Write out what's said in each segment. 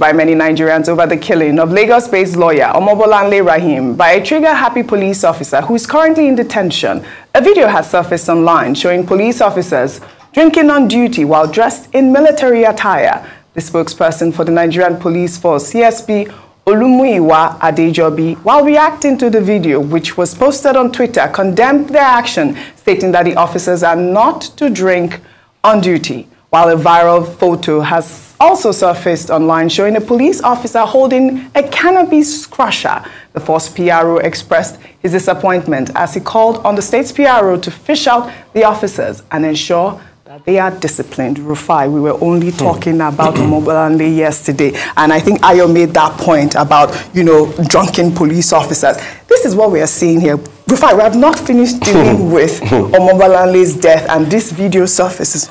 by many Nigerians over the killing of Lagos-based lawyer Omobolanle Rahim by a trigger-happy police officer who is currently in detention. A video has surfaced online showing police officers drinking on duty while dressed in military attire. The spokesperson for the Nigerian Police Force, CSP Olumuyiwa Adejobi, while reacting to the video, which was posted on Twitter, condemned their action, stating that the officers are not to drink on duty, while a viral photo has also surfaced online showing a police officer holding a cannabis crusher. The force PRO expressed his disappointment as he called on the state's PRO to fish out the officers and ensure that they are disciplined. Rufai, we were only hmm. talking about Mobile yesterday, and I think Ayo made that point about, you know, drunken police officers. This is what we are seeing here. Rufai, we have not finished dealing with Omobalanle's death, and this video surfaces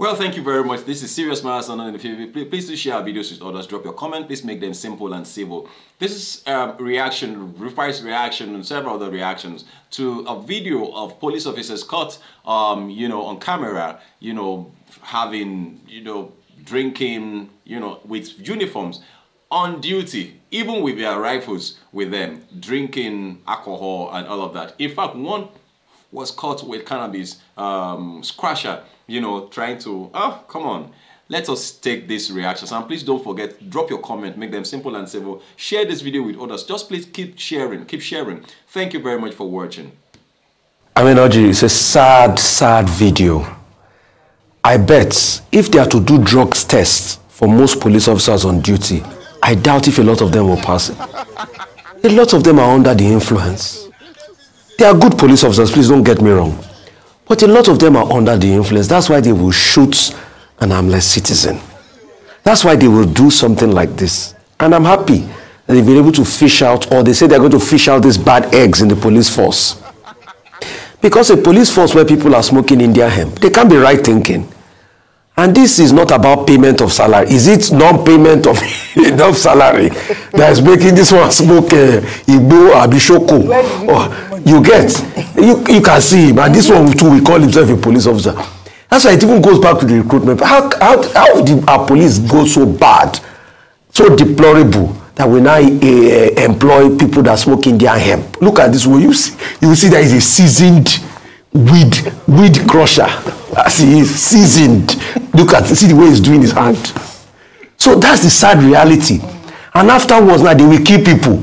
well, thank you very much. This is Serious Marathon, and if you please do share our videos with others, drop your comment. Please make them simple and civil. This is um, reaction, Rufai's reaction, and several other reactions to a video of police officers caught, um, you know, on camera, you know, having, you know, drinking, you know, with uniforms on duty, even with their rifles with them, drinking alcohol and all of that. In fact, one was caught with cannabis um, scratcher, you know, trying to, oh, come on. Let us take these reactions and please don't forget, drop your comment, make them simple and civil. Share this video with others. Just please keep sharing, keep sharing. Thank you very much for watching. I mean, Oji, it's a sad, sad video. I bet if they are to do drugs tests for most police officers on duty, I doubt if a lot of them will pass it. A lot of them are under the influence. They are good police officers, please don't get me wrong. But a lot of them are under the influence. That's why they will shoot an armless citizen. That's why they will do something like this. And I'm happy that they've been able to fish out, or they say they're going to fish out these bad eggs in the police force. Because a police force where people are smoking India hemp, they can't be right thinking. And this is not about payment of salary. Is it non-payment of enough salary that is making this one smoke uh, Igbo Abishoko? Oh, you get, you, you can see him. And this one too will call himself a police officer. That's why it even goes back to the recruitment. How, how, how did our police go so bad, so deplorable, that we now uh, employ people that smoke Indian hemp? Look at this one. You, see, you see that is a seasoned weed, weed crusher. As he is seasoned look at see the way he's doing his hand so that's the sad reality and afterwards now they will kill people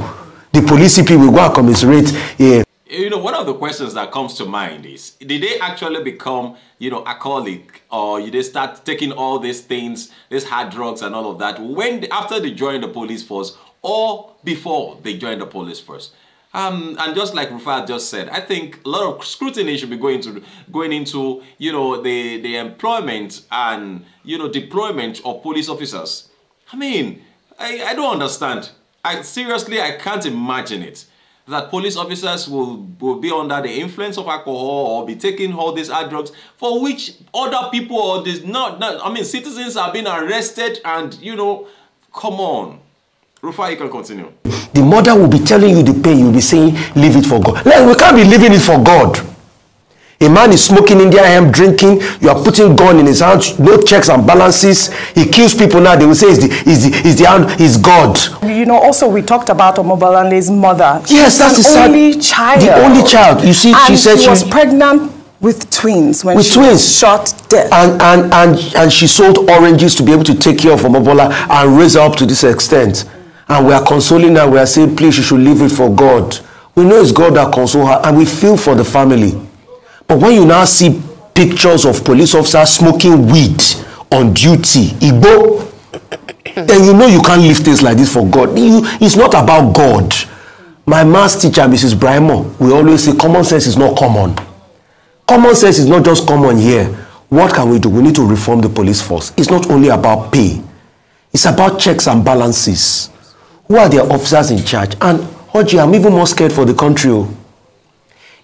the police people will go and commiserate yeah. you know one of the questions that comes to mind is did they actually become you know alcoholic or did they start taking all these things these hard drugs and all of that when after they joined the police force or before they joined the police force Um, and just like Rufat just said, I think a lot of scrutiny should be going to going into you know the the employment and you know deployment of police officers. I mean, I, I don't understand. I seriously I can't imagine it that police officers will, will be under the influence of alcohol or be taking all these drugs for which other people or this not, not I mean citizens are being arrested and you know come on Rufa you can continue the mother will be telling you the pain. You'll be saying, leave it for God. Like, we can't be leaving it for God. A man is smoking India am drinking. You are putting gun in his hand. No checks and balances. He kills people now. They will say, "Is the is the is the hand is God." You know. Also, we talked about Omobalande's mother. yes, that's the only child. The only child. You see, and she said she was she, pregnant with twins when with she twins. was shot dead. And and and and she sold oranges to be able to take care of Omobola and raise her up to this extent and we are consoling her. We are saying, please, you should leave it for God. We know it's God that consoles her, and we feel for the family. But when you now see pictures of police officers smoking weed on duty, Igbo, then you know you can't leave things like this for God. it's not about God. My maths teacher, Mrs. Brimo, we always say common sense is not common. Common sense is not just common here. What can we do? We need to reform the police force. It's not only about pay. It's about checks and balances who are their officers in charge. And Oji, I'm even more scared for the country. Oh.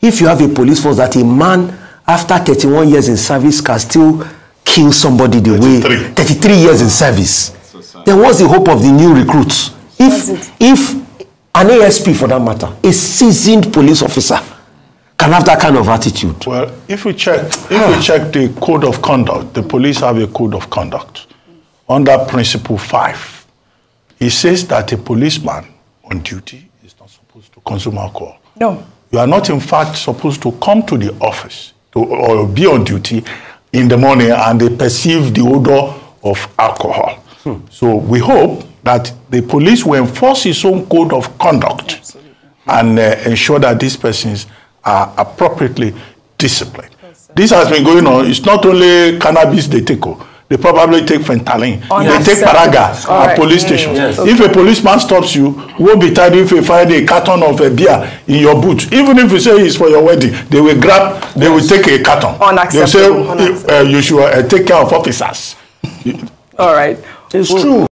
If you have a police force that a man after 31 years in service can still kill somebody the 33. way 33 years in service, so then what's the hope of the new recruits? If, if an ASP for that matter, a seasoned police officer can have that kind of attitude. Well, if we check, if we ah. check the code of conduct, the police have a code of conduct under principle five he says that a policeman on duty is not supposed to consume alcohol. No. You are not, in fact, supposed to come to the office to, or be on duty in the morning and they perceive the odor of alcohol. Hmm. So we hope that the police will enforce its own code of conduct Absolutely. and uh, ensure that these persons are appropriately disciplined. Yes, this has been going on. It's not only cannabis they take, oh. they probably take fentanyl. Oh, they take paraga at right. police station. Yes. Okay. If a policeman stops you, won't be tired if you find a carton of a uh, beer in your boot. Even if you say it's for your wedding, they will grab, they will take a carton. They say uh, you should uh, take care of officers. All right. It's true.